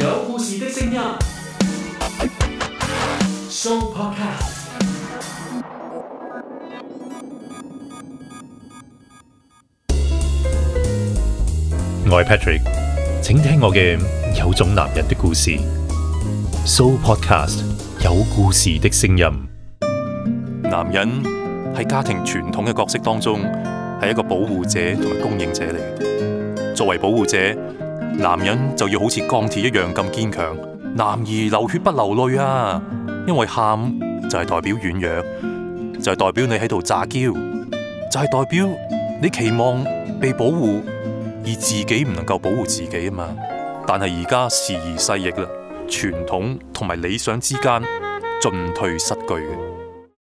有故事的聲音，So Podcast。我係 Patrick，請聽我嘅有種男人的故事，So Podcast 有故事的聲音。男人喺家庭傳統嘅角色當中，係一個保護者同埋供應者嚟。作為保護者。男人就要好似鋼鐵一樣咁堅強，男兒流血不流淚啊！因為喊就係代表軟弱，就係、是、代表你喺度詐嬌，就係、是、代表你期望被保護而自己唔能夠保護自己啊嘛！但係而家時移世易啦，傳統同埋理想之間進退失據嘅。